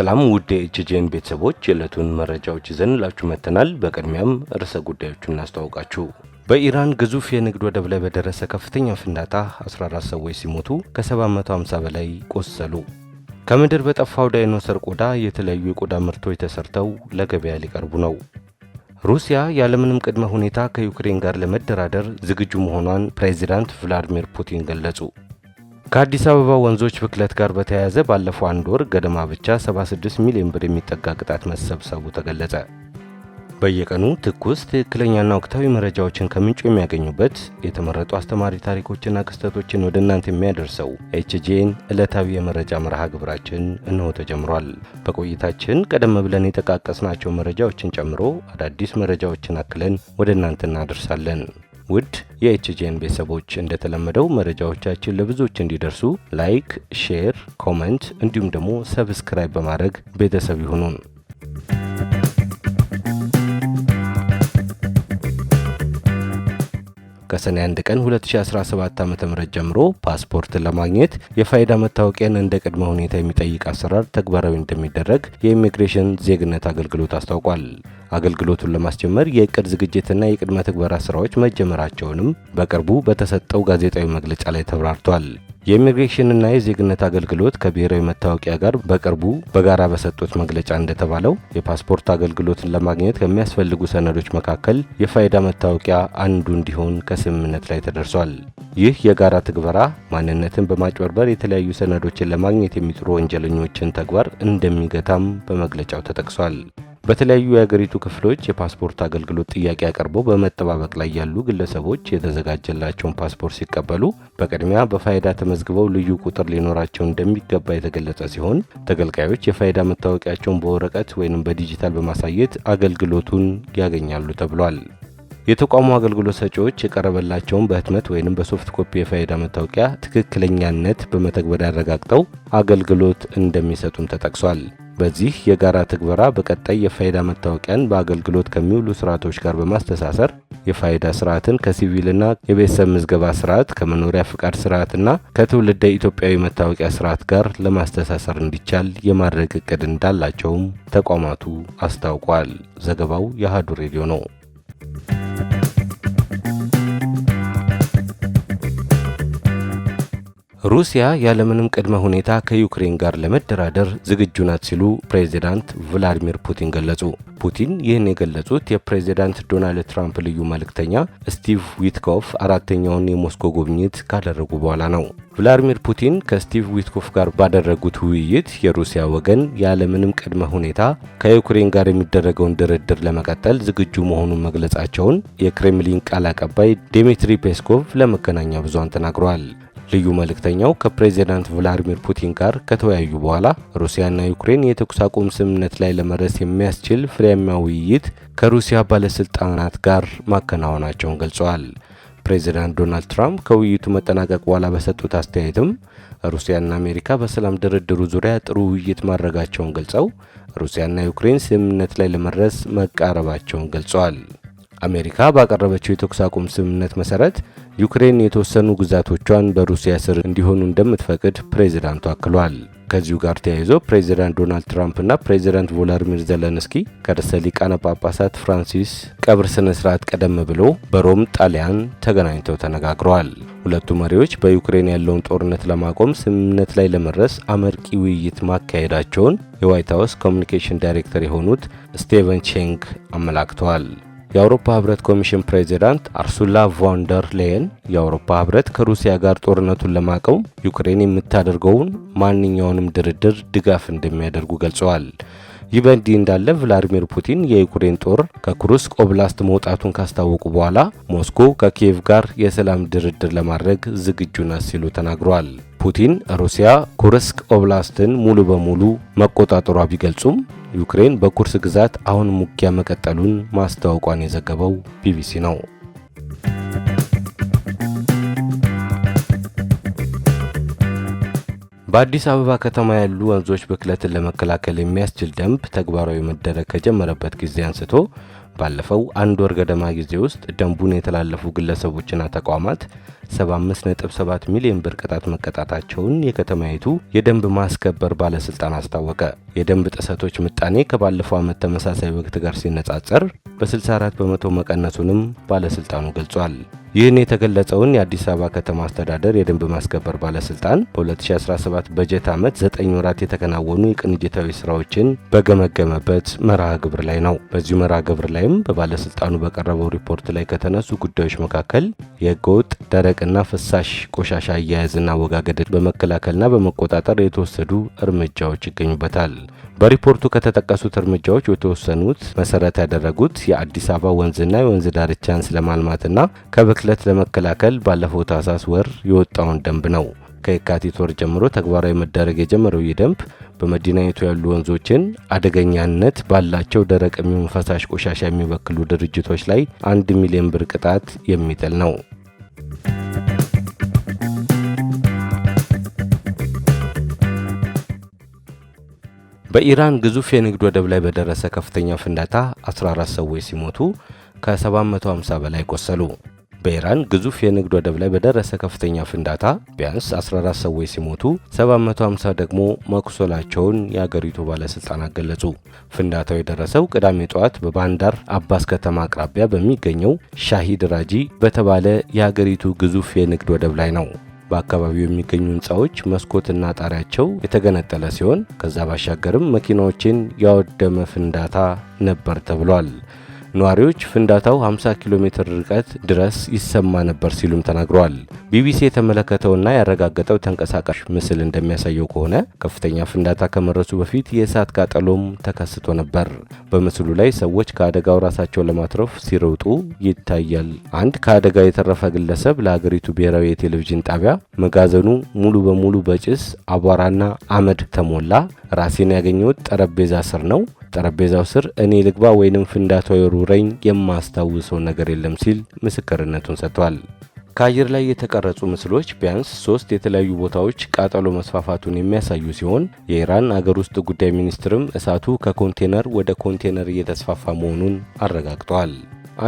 ሰላም ውድ የእጅጄን ቤተሰቦች የዕለቱን መረጃዎች ይዘንላችሁ መጥተናል። በቅድሚያም ርዕሰ ጉዳዮቹን እናስተዋውቃችሁ። በኢራን ግዙፍ የንግድ ወደብ ላይ በደረሰ ከፍተኛ ፍንዳታ 14 ሰዎች ሲሞቱ ከ750 በላይ ቆሰሉ። ከምድር በጠፋው ዳይኖሰር ቆዳ የተለያዩ የቆዳ ምርቶች ተሰርተው ለገበያ ሊቀርቡ ነው። ሩሲያ ያለምንም ቅድመ ሁኔታ ከዩክሬን ጋር ለመደራደር ዝግጁ መሆኗን ፕሬዚዳንት ቭላዲሚር ፑቲን ገለጹ። ከአዲስ አበባ ወንዞች ብክለት ጋር በተያያዘ ባለፈው አንድ ወር ገደማ ብቻ 76 ሚሊዮን ብር የሚጠጋ ቅጣት መሰብሰቡ ተገለጸ። በየቀኑ ትኩስ ትክክለኛና ወቅታዊ መረጃዎችን ከምንጩ የሚያገኙበት የተመረጡ አስተማሪ ታሪኮችና ክስተቶችን ወደ እናንተ የሚያደርሰው ኤችጂኤን ዕለታዊ የመረጃ መርሃ ግብራችን እንሆ ተጀምሯል። በቆይታችን ቀደም ብለን የጠቃቀስናቸው መረጃዎችን ጨምሮ አዳዲስ መረጃዎችን አክለን ወደ እናንተ እናደርሳለን። ውድ የኤችጄን ቤተሰቦች እንደተለመደው መረጃዎቻችን ለብዙዎች እንዲደርሱ ላይክ፣ ሼር፣ ኮመንት እንዲሁም ደግሞ ሰብስክራይብ በማድረግ ቤተሰብ ይሁኑን። ከሰኔ 1 ቀን 2017 ዓ.ም ጀምሮ ፓስፖርትን ለማግኘት የፋይዳ መታወቂያን እንደ ቅድመ ሁኔታ የሚጠይቅ አሰራር ተግባራዊ እንደሚደረግ የኢሚግሬሽን ዜግነት አገልግሎት አስታውቋል። አገልግሎቱን ለማስጀመር የእቅድ ዝግጅትና የቅድመ ትግበራ ስራዎች መጀመራቸውንም በቅርቡ በተሰጠው ጋዜጣዊ መግለጫ ላይ ተብራርቷል። የኢሚግሬሽንና የዜግነት አገልግሎት ከብሔራዊ መታወቂያ ጋር በቅርቡ በጋራ በሰጡት መግለጫ እንደተባለው የፓስፖርት አገልግሎትን ለማግኘት ከሚያስፈልጉ ሰነዶች መካከል የፋይዳ መታወቂያ አንዱ እንዲሆን ከስምምነት ላይ ተደርሷል። ይህ የጋራ ትግበራ ማንነትን በማጭበርበር የተለያዩ ሰነዶችን ለማግኘት የሚጥሩ ወንጀለኞችን ተግባር እንደሚገታም በመግለጫው ተጠቅሷል። በተለያዩ የሀገሪቱ ክፍሎች የፓስፖርት አገልግሎት ጥያቄ አቅርበው በመጠባበቅ ላይ ያሉ ግለሰቦች የተዘጋጀላቸውን ፓስፖርት ሲቀበሉ በቅድሚያ በፋይዳ ተመዝግበው ልዩ ቁጥር ሊኖራቸው እንደሚገባ የተገለጸ ሲሆን ተገልጋዮች የፋይዳ መታወቂያቸውን በወረቀት ወይም በዲጂታል በማሳየት አገልግሎቱን ያገኛሉ ተብሏል። የተቋሙ አገልግሎት ሰጪዎች የቀረበላቸውን በህትመት ወይም በሶፍት ኮፒ የፋይዳ መታወቂያ ትክክለኛነት በመተግበር አረጋግጠው አገልግሎት እንደሚሰጡም ተጠቅሷል። በዚህ የጋራ ትግበራ በቀጣይ የፋይዳ መታወቂያን በአገልግሎት ከሚውሉ ስርዓቶች ጋር በማስተሳሰር የፋይዳ ስርዓትን ከሲቪልና የቤተሰብ ምዝገባ ስርዓት ከመኖሪያ ፍቃድ ስርዓትና ከትውልደ ኢትዮጵያዊ መታወቂያ ስርዓት ጋር ለማስተሳሰር እንዲቻል የማድረግ እቅድ እንዳላቸውም ተቋማቱ አስታውቋል። ዘገባው የአሃዱ ሬዲዮ ነው። ሩሲያ ያለምንም ቅድመ ሁኔታ ከዩክሬን ጋር ለመደራደር ዝግጁ ናት ሲሉ ፕሬዚዳንት ቭላዲሚር ፑቲን ገለጹ። ፑቲን ይህን የገለጹት የፕሬዚዳንት ዶናልድ ትራምፕ ልዩ መልእክተኛ ስቲቭ ዊትኮፍ አራተኛውን የሞስኮ ጉብኝት ካደረጉ በኋላ ነው። ቭላዲሚር ፑቲን ከስቲቭ ዊትኮፍ ጋር ባደረጉት ውይይት የሩሲያ ወገን ያለምንም ቅድመ ሁኔታ ከዩክሬን ጋር የሚደረገውን ድርድር ለመቀጠል ዝግጁ መሆኑን መግለጻቸውን የክሬምሊን ቃል አቀባይ ዲሚትሪ ፔስኮቭ ለመገናኛ ብዙሃን ተናግረዋል። ልዩ መልእክተኛው ከፕሬዚዳንት ቭላዲሚር ፑቲን ጋር ከተወያዩ በኋላ ሩሲያና ዩክሬን የተኩስ አቁም ስምምነት ላይ ለመድረስ የሚያስችል ፍሬያማ ውይይት ከሩሲያ ባለስልጣናት ጋር ማከናወናቸውን ገልጸዋል። ፕሬዚዳንት ዶናልድ ትራምፕ ከውይይቱ መጠናቀቅ በኋላ በሰጡት አስተያየትም ሩሲያና አሜሪካ በሰላም ድርድሩ ዙሪያ ጥሩ ውይይት ማድረጋቸውን ገልጸው ሩሲያና ዩክሬን ስምምነት ላይ ለመድረስ መቃረባቸውን ገልጸዋል። አሜሪካ ባቀረበችው የተኩስ አቁም ስምምነት መሰረት ዩክሬን የተወሰኑ ግዛቶቿን በሩሲያ ስር እንዲሆኑ እንደምትፈቅድ ፕሬዚዳንቱ አክሏል። ከዚሁ ጋር ተያይዞ ፕሬዚዳንት ዶናልድ ትራምፕና ፕሬዚዳንት ቮላዲሚር ዘለንስኪ ከርዕሰ ሊቃነ ጳጳሳት ፍራንሲስ ቀብር ስነ ስርዓት ቀደም ብሎ በሮም ጣሊያን ተገናኝተው ተነጋግረዋል። ሁለቱ መሪዎች በዩክሬን ያለውን ጦርነት ለማቆም ስምምነት ላይ ለመድረስ አመርቂ ውይይት ማካሄዳቸውን የዋይት ሀውስ ኮሚኒኬሽን ዳይሬክተር የሆኑት ስቴቨን ቼንግ አመላክተዋል። የአውሮፓ ህብረት ኮሚሽን ፕሬዚዳንት አርሱላ ቫንደር ሌየን የአውሮፓ ህብረት ከሩሲያ ጋር ጦርነቱን ለማቀው ዩክሬን የምታደርገውን ማንኛውንም ድርድር ድጋፍ እንደሚያደርጉ ገልጸዋል። ይህ በእንዲህ እንዳለ ቭላዲሚር ፑቲን የዩክሬን ጦር ከኩርስክ ኦብላስት መውጣቱን ካስታወቁ በኋላ ሞስኮ ከኪየቭ ጋር የሰላም ድርድር ለማድረግ ዝግጁ ናት ሲሉ ተናግሯል። ፑቲን ሩሲያ ኩርስክ ኦብላስትን ሙሉ በሙሉ መቆጣጠሯ ቢገልጹም ዩክሬን በኩርስ ግዛት አሁን ሙኪያ መቀጠሉን ማስታወቋን የዘገበው ቢቢሲ ነው። በአዲስ አበባ ከተማ ያሉ ወንዞች ብክለትን ለመከላከል የሚያስችል ደንብ ተግባራዊ መደረግ ከጀመረበት ጊዜ አንስቶ ባለፈው አንድ ወር ገደማ ጊዜ ውስጥ ደንቡን የተላለፉ ግለሰቦችና ተቋማት 757 ሚሊዮን ብር ቅጣት መቀጣታቸውን የከተማይቱ የደንብ ማስከበር ባለስልጣን አስታወቀ። የደንብ ጥሰቶች ምጣኔ ከባለፈው ዓመት ተመሳሳይ ወቅት ጋር ሲነጻጸር በ64 በመቶ መቀነሱንም ባለስልጣኑ ገልጿል። ይህን የተገለጸውን የአዲስ አበባ ከተማ አስተዳደር የደንብ ማስከበር ባለስልጣን በ2017 በጀት ዓመት 9 ወራት የተከናወኑ የቅንጅታዊ ስራዎችን በገመገመበት መርሃ ግብር ላይ ነው። በዚሁ መርሃ ግብር ላይም በባለስልጣኑ በቀረበው ሪፖርት ላይ ከተነሱ ጉዳዮች መካከል የህገወጥ ደረቅና ፍሳሽ ቆሻሻ አያያዝና አወጋገድ በመከላከልና በመቆጣጠር የተወሰዱ እርምጃዎች ይገኙበታል። በሪፖርቱ ከተጠቀሱት እርምጃዎች የተወሰኑት መሰረት ያደረጉት የአዲስ አበባ ወንዝና የወንዝ ዳርቻን ስለማልማትና ከብክለት ለመከላከል ባለፈው ታህሳስ ወር የወጣውን ደንብ ነው። ከየካቲት ወር ጀምሮ ተግባራዊ መደረግ የጀመረው ይህ ደንብ በመዲናይቱ ያሉ ወንዞችን አደገኛነት ባላቸው ደረቅ የሚሆን ፈሳሽ ቆሻሻ የሚበክሉ ድርጅቶች ላይ አንድ ሚሊዮን ብር ቅጣት የሚጥል ነው። በኢራን ግዙፍ የንግድ ወደብ ላይ በደረሰ ከፍተኛ ፍንዳታ 14 ሰዎች ሲሞቱ ከ750 በላይ ቆሰሉ። በኢራን ግዙፍ የንግድ ወደብ ላይ በደረሰ ከፍተኛ ፍንዳታ ቢያንስ 14 ሰዎች ሲሞቱ 750 ደግሞ መቁሰላቸውን የአገሪቱ ባለሥልጣናት ገለጹ። ፍንዳታው የደረሰው ቅዳሜ ጠዋት በባንዳር አባስ ከተማ አቅራቢያ በሚገኘው ሻሂድ ራጂ በተባለ የአገሪቱ ግዙፍ የንግድ ወደብ ላይ ነው። በአካባቢው የሚገኙ ህንፃዎች መስኮትና ጣሪያቸው የተገነጠለ ሲሆን ከዛ ባሻገርም መኪናዎችን ያወደመ ፍንዳታ ነበር ተብሏል። ነዋሪዎች ፍንዳታው 50 ኪሎ ሜትር ርቀት ድረስ ይሰማ ነበር ሲሉም ተናግረዋል። ቢቢሲ የተመለከተውና ያረጋገጠው ተንቀሳቃሽ ምስል እንደሚያሳየው ከሆነ ከፍተኛ ፍንዳታ ከመድረሱ በፊት የእሳት ቃጠሎም ተከስቶ ነበር። በምስሉ ላይ ሰዎች ከአደጋው ራሳቸውን ለማትረፍ ሲሮጡ ይታያል። አንድ ከአደጋ የተረፈ ግለሰብ ለሀገሪቱ ብሔራዊ የቴሌቪዥን ጣቢያ መጋዘኑ ሙሉ በሙሉ በጭስ አቧራና አመድ ተሞላ፣ ራሴን ያገኘሁት ጠረጴዛ ስር ነው ጠረጴዛው ስር እኔ ልግባ ወይንም ፍንዳታው ይወርውረኝ የማስታውሰው ነገር የለም ሲል ምስክርነቱን ሰጥቷል። ከአየር ላይ የተቀረጹ ምስሎች ቢያንስ ሶስት የተለያዩ ቦታዎች ቃጠሎ መስፋፋቱን የሚያሳዩ ሲሆን የኢራን አገር ውስጥ ጉዳይ ሚኒስትርም እሳቱ ከኮንቴነር ወደ ኮንቴነር እየተስፋፋ መሆኑን አረጋግጠዋል።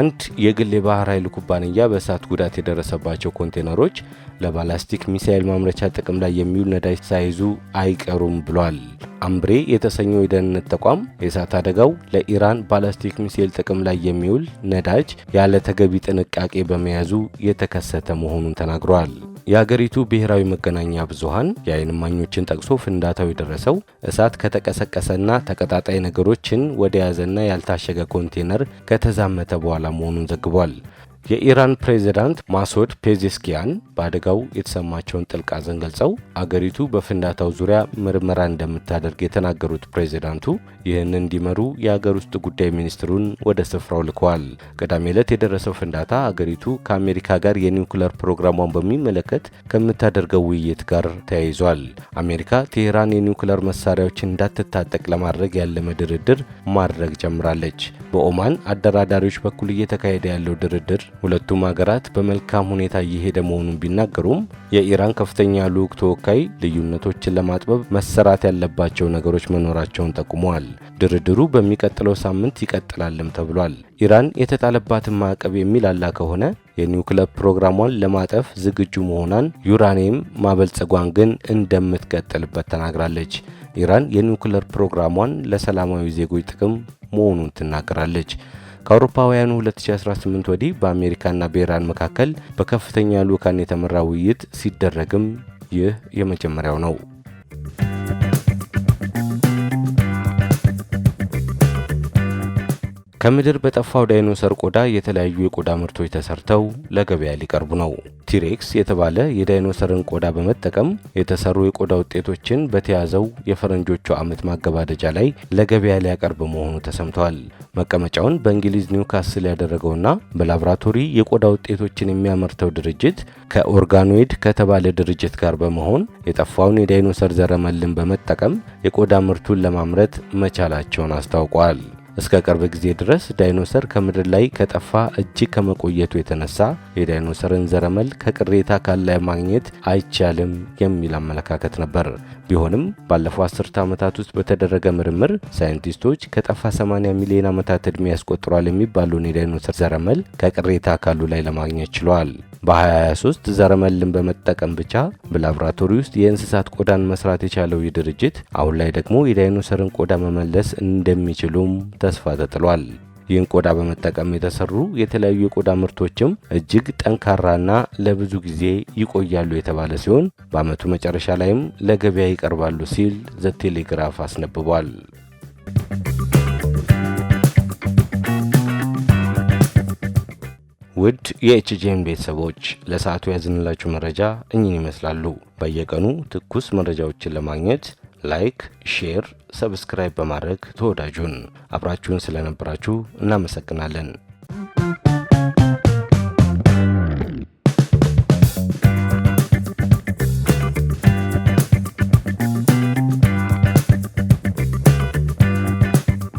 አንድ የግል የባህር ኃይል ኩባንያ በእሳት ጉዳት የደረሰባቸው ኮንቴነሮች ለባላስቲክ ሚሳኤል ማምረቻ ጥቅም ላይ የሚውል ነዳጅ ሳይዙ አይቀሩም ብሏል። አምብሬ የተሰኘው የደህንነት ተቋም የእሳት አደጋው ለኢራን ባላስቲክ ሚሳኤል ጥቅም ላይ የሚውል ነዳጅ ያለ ተገቢ ጥንቃቄ በመያዙ የተከሰተ መሆኑን ተናግሯል። የአገሪቱ ብሔራዊ መገናኛ ብዙሃን የአይን እማኞችን ጠቅሶ ፍንዳታው የደረሰው እሳት ከተቀሰቀሰና ተቀጣጣይ ነገሮችን ወደ ያዘና ያልታሸገ ኮንቴነር ከተዛመተ በኋላ በኋላ መሆኑን ዘግቧል። የኢራን ፕሬዚዳንት ማሶድ ፔዜስኪያን በአደጋው የተሰማቸውን ጥልቅ ሐዘን ገልጸው አገሪቱ በፍንዳታው ዙሪያ ምርመራ እንደምታደርግ የተናገሩት ፕሬዚዳንቱ ይህን እንዲመሩ የአገር ውስጥ ጉዳይ ሚኒስትሩን ወደ ስፍራው ልከዋል። ቅዳሜ ዕለት የደረሰው ፍንዳታ አገሪቱ ከአሜሪካ ጋር የኒውክለር ፕሮግራሟን በሚመለከት ከምታደርገው ውይይት ጋር ተያይዟል። አሜሪካ ቴሄራን የኒውክለር መሳሪያዎችን እንዳትታጠቅ ለማድረግ ያለመ ድርድር ማድረግ ጀምራለች። በኦማን አደራዳሪዎች በኩል እየተካሄደ ያለው ድርድር ሁለቱም ሀገራት በመልካም ሁኔታ እየሄደ መሆኑን ቢናገሩም የኢራን ከፍተኛ ልዑክ ተወካይ ልዩነቶችን ለማጥበብ መሰራት ያለባቸው ነገሮች መኖራቸውን ጠቁመዋል። ድርድሩ በሚቀጥለው ሳምንት ይቀጥላልም ተብሏል። ኢራን የተጣለባትን ማዕቀብ የሚላላ ከሆነ የኒውክለር ፕሮግራሟን ለማጠፍ ዝግጁ መሆኗን፣ ዩራኒየም ማበልጸጓን ግን እንደምትቀጥልበት ተናግራለች። ኢራን የኒውክለር ፕሮግራሟን ለሰላማዊ ዜጎች ጥቅም መሆኑን ትናገራለች። ከአውሮፓውያኑ 2018 ወዲህ በአሜሪካና በኢራን መካከል በከፍተኛ ልዑካን የተመራ ውይይት ሲደረግም ይህ የመጀመሪያው ነው። ከምድር በጠፋው ዳይኖሰር ቆዳ የተለያዩ የቆዳ ምርቶች ተሰርተው ለገበያ ሊቀርቡ ነው። ቲሬክስ የተባለ የዳይኖሰርን ቆዳ በመጠቀም የተሰሩ የቆዳ ውጤቶችን በተያዘው የፈረንጆቹ ዓመት ማገባደጃ ላይ ለገበያ ሊያቀርብ መሆኑ ተሰምቷል። መቀመጫውን በእንግሊዝ ኒውካስል ያደረገውና በላቦራቶሪ የቆዳ ውጤቶችን የሚያመርተው ድርጅት ከኦርጋኖይድ ከተባለ ድርጅት ጋር በመሆን የጠፋውን የዳይኖሰር ዘረመልን በመጠቀም የቆዳ ምርቱን ለማምረት መቻላቸውን አስታውቋል። እስከ ቅርብ ጊዜ ድረስ ዳይኖሰር ከምድር ላይ ከጠፋ እጅግ ከመቆየቱ የተነሳ የዳይኖሰርን ዘረመል ከቅሬታ አካል ላይ ማግኘት አይቻልም የሚል አመለካከት ነበር። ቢሆንም ባለፈው አስርተ ዓመታት ውስጥ በተደረገ ምርምር ሳይንቲስቶች ከጠፋ 80 ሚሊዮን ዓመታት ዕድሜ ያስቆጥሯል የሚባለውን የዳይኖሰር ዘረመል ከቅሬታ አካሉ ላይ ለማግኘት ችሏል። በ2023 ዘረመልን በመጠቀም ብቻ በላብራቶሪ ውስጥ የእንስሳት ቆዳን መስራት የቻለው ይህ ድርጅት አሁን ላይ ደግሞ የዳይኖሰርን ቆዳ መመለስ እንደሚችሉም ተስፋ ተጥሏል። ይህን ቆዳ በመጠቀም የተሰሩ የተለያዩ የቆዳ ምርቶችም እጅግ ጠንካራና ለብዙ ጊዜ ይቆያሉ የተባለ ሲሆን በዓመቱ መጨረሻ ላይም ለገበያ ይቀርባሉ ሲል ዘ ቴሌግራፍ አስነብቧል። ውድ የኤችጂኤም ቤተሰቦች ለሰዓቱ ያዝንላችሁ መረጃ እኝን ይመስላሉ። በየቀኑ ትኩስ መረጃዎችን ለማግኘት ላይክ፣ ሼር፣ ሰብስክራይብ በማድረግ ተወዳጁን አብራችሁን ስለነበራችሁ እናመሰግናለን።